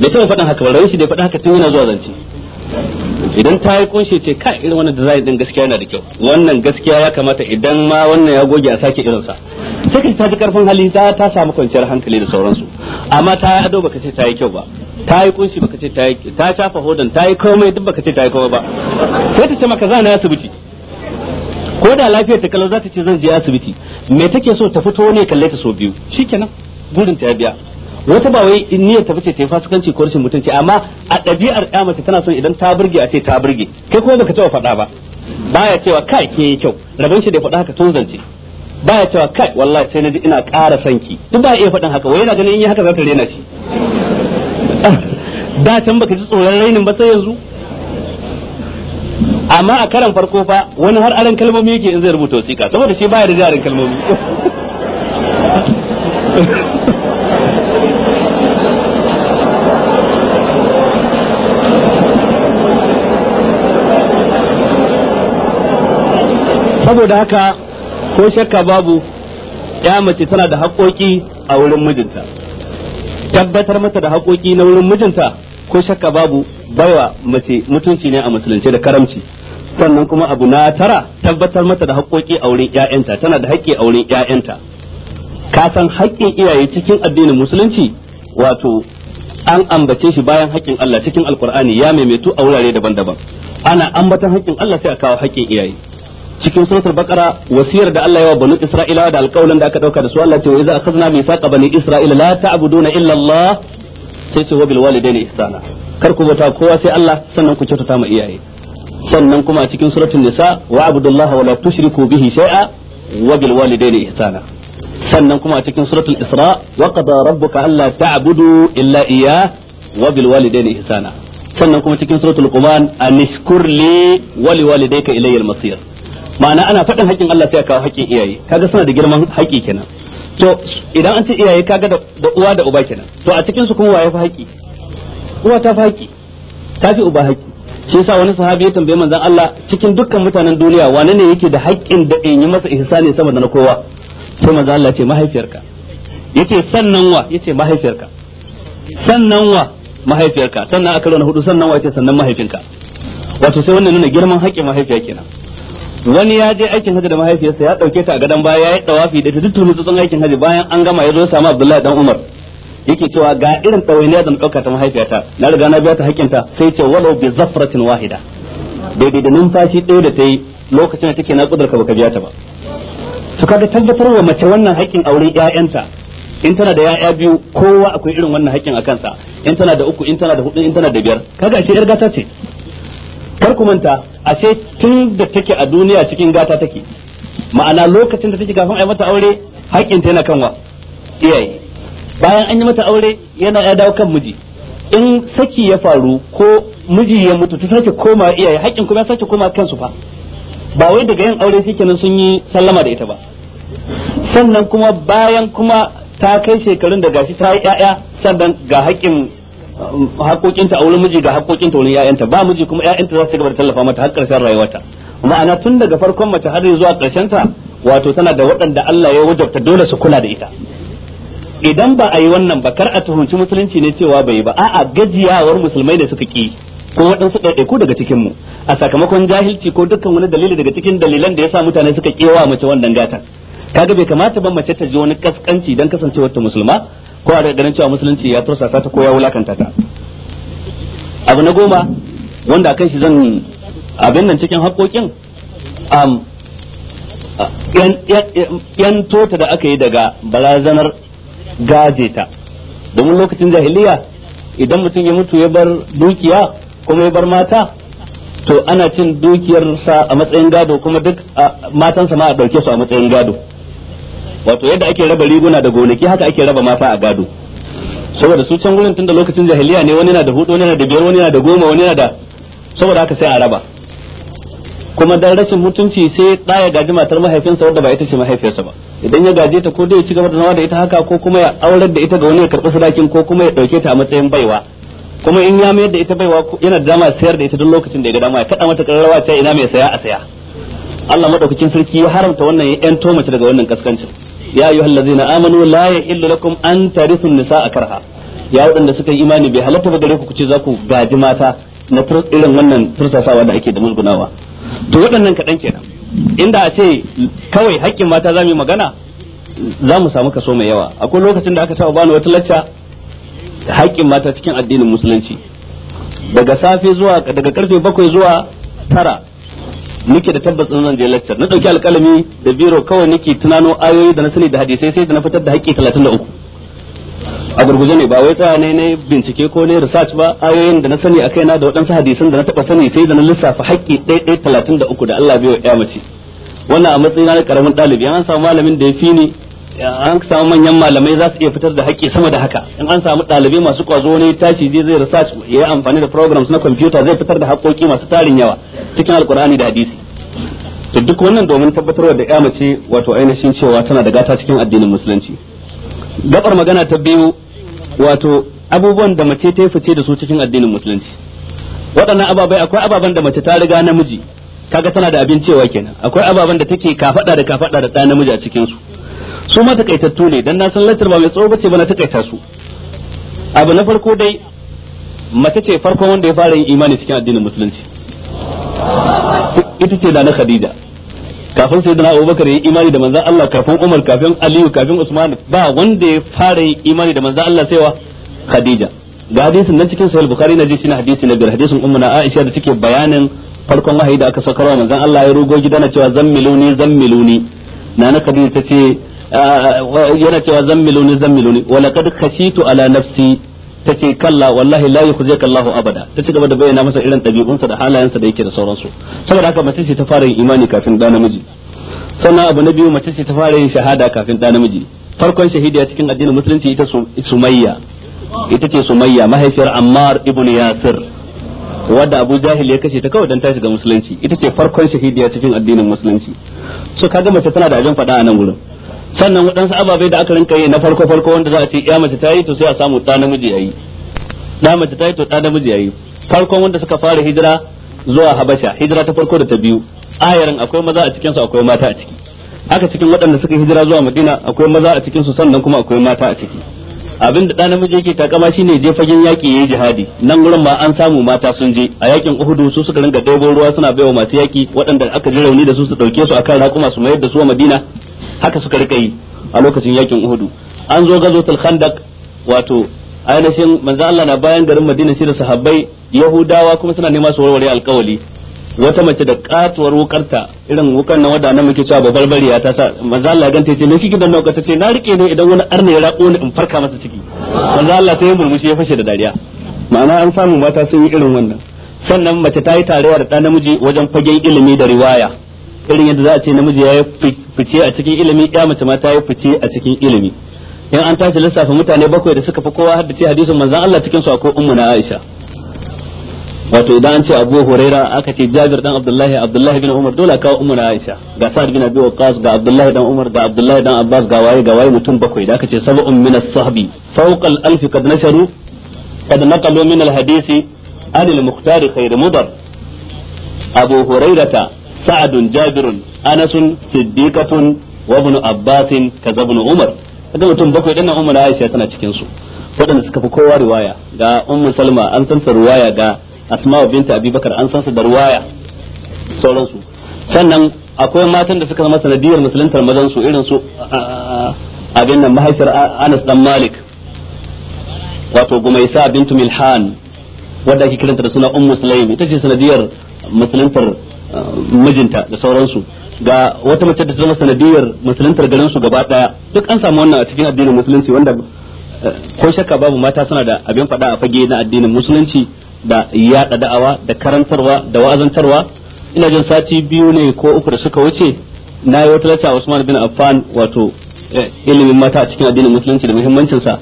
bai taɓa faɗin haka ba rawar shi da faɗin haka tun yana zuwa zance idan ta yi kunshe ce ka irin wannan da za din gaskiya yana da kyau wannan gaskiya ya kamata idan ma wannan ya goge a sake irinsa sai ka ta ji karfin hali ta ta samu kwanciyar hankali da sauransu amma ta yi ado baka ce ta yi kyau ba ta yi kunshi baka ce ta yi ta shafa hodon ta yi komai duk baka ce ta yi komai ba sai ta ce maka zana ya asibiti ko da lafiyar ta kallon za ce zan je asibiti me take so ta fito ne kalle ta so biyu shikenan gurin ta biya wata ba wai niyyar ta fice ta yi fasikanci ko rashin mutunci amma a ɗabi'ar ɗaya mace tana son idan ta burge a ce ta burge kai kuma baka taɓa faɗa ba baya cewa kai ke yi kyau rabon shi da faɗa haka tun zance baya cewa kai wallahi sai na ji ina ƙara sanki ki duk ba iya faɗin haka wai yana ganin in yi haka za ta rena shi da can baka ji tsoron rainin ba sai yanzu amma a karan farko fa wani har aran kalmomi yake in zai rubuta wasiƙa saboda shi baya da jarin kalmomi saboda haka ko shakka babu ya mace tana da haƙoƙi a wurin mijinta tabbatar mata da haƙoƙi na wurin mijinta ko shakka babu baiwa mace mutunci ne a musulunci da karamci sannan kuma abu na tara tabbatar mata da haƙoƙi a wurin ƴaƴanta tana da haƙƙi a wurin ƴaƴanta ka san haƙƙin iyaye cikin addinin musulunci wato an ambace shi bayan haƙƙin Allah cikin alkur'ani ya maimaitu a wurare daban-daban ana ambatan haƙƙin Allah sai a kawo haƙƙin iyaye cikin suratul baqara wasiyar da Allah ya wa banu isra'ila da alƙawlan da aka dauka da su Allah ce a kasna akhadna saqa bani isra'ila la ta'buduna illa Allah sai ce wabil walidaini ihsana kar ku bauta kowa sai Allah sannan ku kyautata ma iyaye sannan kuma a cikin suratul nisa wa abdullah wa la tushriku bihi shay'a wa walidaini ihsana sannan kuma a cikin suratul isra wa qada rabbuka alla ta'budu illa iyyah wa walidaini ihsana sannan kuma cikin suratul quman anishkur li wa walidayka ilayya al masir ma'ana ana faɗin haƙƙin Allah sai ka kawo haƙƙin iyaye kaga suna da girman haƙƙi kenan to idan an ce iyaye kaga da uwa da uba kenan to a cikin su kuma waye fa haƙi uwa ta fa haƙi ta fi uba haƙi shi yasa wani sahabi ya tambaye manzon Allah cikin dukkan mutanen duniya wane ne yake da haƙƙin da in yi masa ihsani sama da na kowa sai manzon Allah ce mahaifiyarka yake sannan wa yace mahaifiyarka sannan wa mahaifiyarka sannan aka rona hudu sannan wa yace sannan mahaifinka wato sai wannan nuna girman haƙƙin mahaifiya kenan wani ya je aikin haji da mahaifiyarsa ya dauke ta a gadon baya ya yi dawafi da ta duk turmutsutsun aikin hajji bayan an gama ya zo samu Abdullahi dan Umar yake cewa ga irin ɗawainiya da na ɗauka ta mahaifiyata na riga na biya ta hakinta sai ce walau bi zafratin wahida daidai da numfashi ɗaya da ta yi lokacin da take na kudurka baka biya ta ba su kaga tabbatar wa mace wannan haƙƙin auren ƴaƴanta in tana da ƴaƴa biyu kowa akwai irin wannan haƙƙin a kansa in tana da uku in tana da hudu in tana da biyar kaga ashe yar gata ce kar ku manta ashe tun da take a duniya cikin gata take ma'ana lokacin da take kafin a yi mata aure haƙƙin ta yana kan wa iyaye bayan an yi mata aure yana ya dawo kan miji in saki ya faru ko miji ya mutu ta sake koma iyaye haƙƙin kuma ya sake koma kansu fa ba wai daga yin aure kenan sun yi sallama da ita ba sannan kuma bayan kuma ta kai shekarun da gashi ta yi yaya sannan ga haƙƙin haƙoƙinta a wurin miji ga haƙoƙinta wurin ƴaƴanta ba miji kuma ƴaƴanta za su gaba da tallafa mata har ƙarshen rayuwarta ma'ana tun daga farkon mace har zuwa karshen ta wato tana da waɗanda Allah ya wajabta dole su kula da ita idan ba a yi wannan ba kar a tuhunci musulunci ne cewa bai ba a'a gajiyawar musulmai ne suka ki ko waɗansu ɗaiɗaiku daga cikin mu a sakamakon jahilci ko dukkan wani dalili daga cikin dalilan da yasa mutane suka kewa mace wannan gatan kaga bai kamata ba mace ta ji wani kaskanci dan kasancewar ta musulma ko a ganin cewa musulunci ya tursa ta ko ya wulakanta ta abu na goma wanda a kan shi zan abin nan cikin haƙoƙin yan tota da aka yi daga barazanar gaje ta domin lokacin jahiliya idan mutum ya mutu ya bar dukiya kuma ya bar mata to ana cin dukiyarsa a matsayin gado kuma duk matansa ma a ɗauke su a matsayin gado wato yadda ake raba riguna da gonaki haka ake raba mata a gado saboda su can gurin tun lokacin jahiliya ne wani na da hudu wani na da biyar wani na da goma wani na da saboda haka sai a raba kuma dan rashin mutunci sai da ya gaji matar mahaifinsa wadda ba ita ce mahaifiyarsa ba idan ya gaje ta ko dai ya ci gaba da zama da ita haka ko kuma ya aurar da ita ga wani ya karɓi sadakin ko kuma ya ɗauke ta a matsayin baiwa kuma in ya mayar da ita baiwa yana da dama sayar da ita duk lokacin da ya ga dama ya kada mata kararrawa ta ina mai saya a saya Allah madaukakin sarki ya haramta wannan ya yanto mace daga wannan kaskancin ya ayyuhal na amanu la yahillu lakum an tarithu nisaa karha ya waɗanda suka yi imani bai halatta ba gare ku kuce za ku gaji mata na irin wannan fursasawa da ake da musgunawa to waɗannan kaɗan kenan in da a ce kawai haƙƙin mata za mu yi magana za mu samu kaso mai yawa akwai lokacin da aka taɓa bani wata lacca haƙƙin mata cikin addinin musulunci daga safe zuwa daga karfe bakwai zuwa tara nake da tabbas ɗin zan je lecture na ɗauki alƙalami da biro kawai nake tunano ayoyi da na sani da hadisai sai da na fitar da haƙƙi talatin da uku. a gurguje ne ba wai tsaya ne na bincike ko ne research ba ayoyin da na sani a kaina da waɗansu hadisan da na taɓa sani sai da na lissafa haƙƙi ɗaya talatin da uku da Allah bai wa ya mace wannan a matsayina na karamin ɗalibi an samu malamin da ya fi ni an samu manyan malamai za su iya fitar da haƙƙi sama da haka in an samu ɗalibai masu ƙwazo wani tashi zai zai research ya yi amfani da programs na kwamfuta zai fitar da haƙƙoƙi masu tarin yawa cikin alƙurani da hadisi to duk wannan domin tabbatarwa da ya mace wato ainihin cewa tana da gata cikin addinin musulunci gabar magana ta biyu wato abubuwan da mace ta yi fice da su cikin addinin musulunci waɗannan ababai akwai ababen da mace ta riga namiji kaga tana da abin cewa kenan akwai ababen da take kafada da kafada da ɗan namiji a cikin su su ma takaitattu ne dan na san lantar ba mai tsawo bace ba na takaita su abu na farko dai mace ce farkon wanda ya fara yin imani cikin addinin musulunci ita ce da na khadija kafin sai dana abubakar ya yi imani da manzan Allah kafin umar kafin aliyu kafin usman ba wanda ya fara yin imani da manzan Allah sai wa khadija ga hadisin nan cikin sahih bukhari na ji shi na hadisi na biyar hadisin ummu na aisha da take bayanin farkon wahayi da aka sakarwa manzan Allah ya rugo gidana cewa zammiluni zammiluni nana khadija tace yana cewa zammiluni zammiluni wa laqad khashitu ala nafsi tace kalla wallahi la yukhzika Allahu abada tace gaba da bayyana masa irin sa da halayensa da yake da sauransu saboda haka mace ce ta fara yin imani kafin da namiji sannan abu na biyu mace ce ta fara yin shahada kafin da namiji farkon shahidiya cikin addinin musulunci ita sumayya ita ce sumayya mahaifiyar ammar ibn yasir wadda abu jahil ya kashe ta kawai dan tashi ga musulunci ita ce farkon shahidiya cikin addinin musulunci so kaga mace tana da ajin faɗa a nan gurin sannan waɗansu ababai da aka rinka yi na farko farko wanda za a ce ya mace ta yi to sai a samu ɗa namiji ya yi ɗa mace ta yi to ɗa namiji ya yi farkon wanda suka fara hijira zuwa habasha hijira ta farko da ta biyu ayarin akwai maza a cikinsu akwai mata a ciki haka cikin waɗanda suka hijira zuwa madina akwai maza a cikinsu sannan kuma akwai mata a ciki abin da namiji yake takama ne je fagen yaƙi ya yi jihadi nan gurin ma an samu mata sun je a yakin uhudu su suka ringa ɗebo ruwa suna baiwa masu yaƙi waɗanda aka ji rauni da su su ɗauke su akan raƙuma su mayar da su a madina haka suka rika yi a lokacin yakin uhudu an zo gazo khandak wato ainihin manzo Allah na bayan garin Madina shi da sahabbai Yahudawa kuma suna nema su warware alkawali wata mace da katuwar wukarta irin wukan na wada na muke cewa babbar bariya ta sa manzo Allah ganta ce ne kike da nauka ta ce na rike ne idan wani arna ya rako ni in farka masa ciki manzo Allah sai ya murmushi ya fashe da dariya ma'ana an samu mata sun yi irin wannan sannan mace ta yi tarewa da ɗan namiji wajen fagen ilimi da riwaya irin yadda za a ce namiji ya yi fice a cikin ilimi ya mace ma ta yi fice a cikin ilimi in an tashi lissafa mutane bakwai da suka fi kowa haddace hadisin manzon Allah cikin su akwai ummu na Aisha wato idan an ce Abu Huraira aka ce Jabir dan Abdullahi Abdullahi bin Umar dole kawo ummu na Aisha ga Sa'ad bin Abi Waqqas ga Abdullahi dan Umar ga Abdullahi dan Abbas ga waye ga waye mutum bakwai da aka ce sab'un min as-sahbi fawqa al-alf qad nasharu qad naqalu min al-hadisi an al-mukhtar khayr mudar Abu Hurairata sa'adun jabirun anasun siddiqatun وابن عباس abbasin ابن عمر umar متون بكو bakwai ام عائشة aisha tana cikin su waɗanda suka fi kowa riwaya ga ummu salma an san riwaya ga asma binta abubakar an san su da riwaya su sannan akwai matan da suka zama sanadiyar musuluntar mazan su irin su abin nan mahaifiyar Anas dan Malik wato Gumaisa bintu Milhan wadda ake kiranta da suna Ummu Sulaim ita ce sanadiyar musuluntar mijinta da sauransu ga wata mace da ta zama sanadiyar musuluntar garin su gaba daya duk an samu wannan a cikin addinin musulunci wanda eh, ko shakka babu mata suna da abin faɗa a fage na addinin musulunci da yaɗa da'awa da karantarwa da wa'azantarwa ina jin sati biyu ne ko uku da suka wuce na yi wata lacca Usman bin Affan wato eh, ilimin mata a cikin addinin musulunci da muhimmancinsa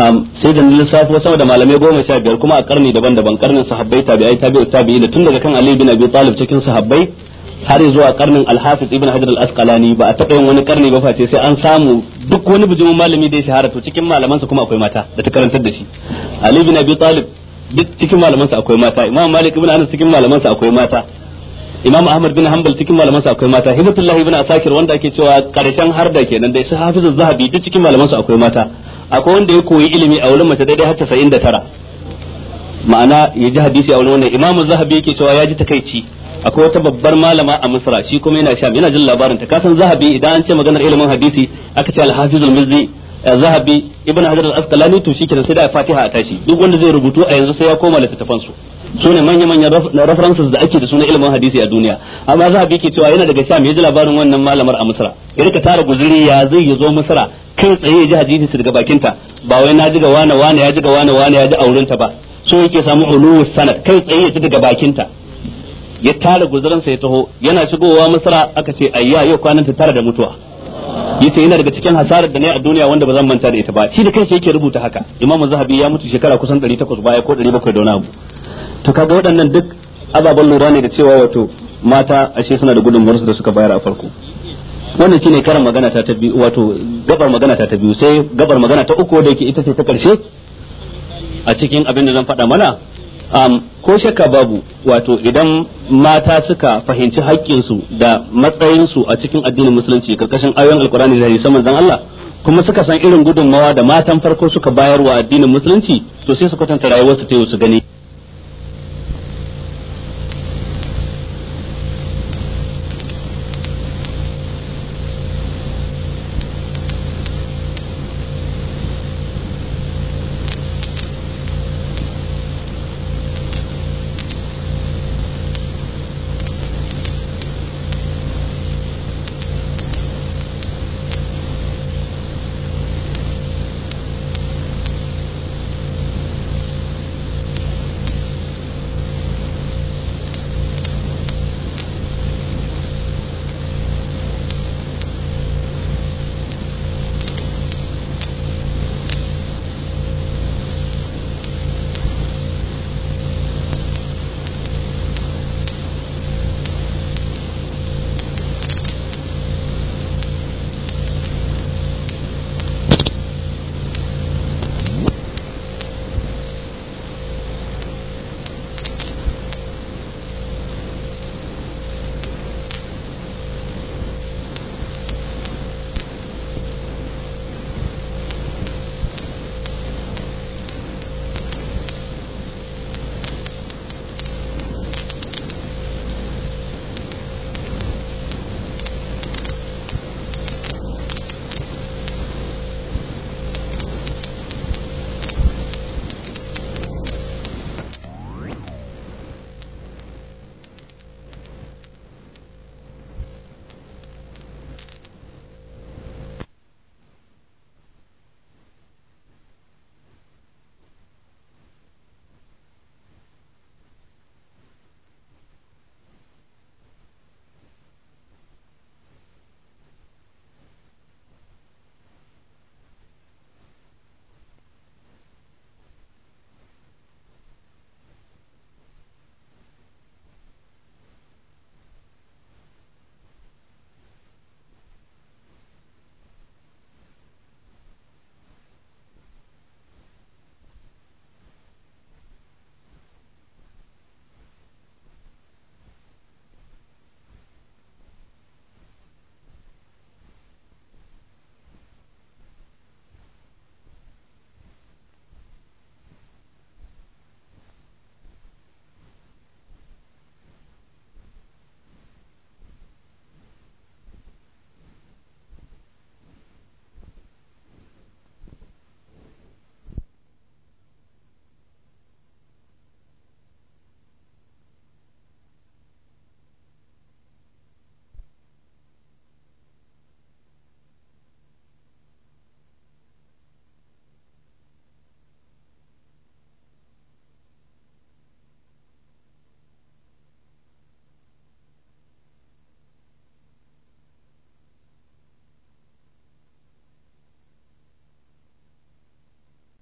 Um, sai da lissafo sama da malamai goma sha biyar kuma a karni daban-daban karnin sahabbai tabi'ai tabi'u tabi'i da tun daga kan Ali bin Abi Talib cikin sahabbai har zuwa karnin Al-Hafiz Ibn Hajar Al-Asqalani ba a taɓa yin wani karni ba face sai an samu duk wani bijimin malami da ya shahara to cikin malamansa kuma akwai mata da ta karantar da shi Ali bin Abi Talib duk cikin malamansa akwai mata Imam Malik ibn Anas cikin malamansa akwai mata imam ahmad bin hanbal cikin malamansa akwai mata hibatullahi bin asakir wanda ake cewa karshen harda kenan da su hafizul zahabi duk cikin malamansa akwai mata akwai wanda ya koyi ilimi a wurin mace daidai har da tara. ma'ana ya ji hadisi a wurin wannan imamu zahabi yake cewa ya ji takaici akwai wata babbar malama a misra shi kuma yana sham yana jin labarin ta kasan zahabi idan an ce maganar ilimin hadisi aka ce al-hafizul mizzi eh, zahabi ibn hajar al-asqalani to shikenan sai da fatiha a tashi duk wanda zai rubutu a yanzu sai ya koma littattafansu. su ne manya-manyan references da ake da sunan ilimin hadisi a duniya amma zahabi ke cewa yana daga sham ya ji labarin wannan malamar a misra ya ka tara guzuri ya zai ya zo misra kai tsaye ya ji hadisi daga bakinta ba wai na ji ga wane wani ya ji ga wane wani ya ji ta ba so yake samu uluwus sanad kai tsaye ya ji daga bakinta ya tara sa ya taho yana shigowa misra aka ce ayya yau kwanan ta tara da mutuwa yace yana daga cikin hasarar da ne a duniya wanda ba zan manta da ita ba shi da kansa yake rubuta haka imamu zahabi ya mutu shekara kusan 800 baya ko 700 da wani abu to kaga waɗannan duk ababen lura ne da cewa wato mata ashe suna da gudunmuwarsu da suka bayar a farko wannan shine karan magana ta biyu wato gabar magana ta ta sai gabar magana ta uku da yake ita ce ta karshe a cikin abin da zan faɗa mana um, ko shakka babu wato idan mata suka fahimci haƙƙinsu da matsayinsu a cikin addinin musulunci karkashin ayoyin alkurani da saman manzon Allah kuma suka san irin gudunmawa da matan farko suka bayarwa addinin musulunci to sai su kwatanta rayuwarsu ta yau su gani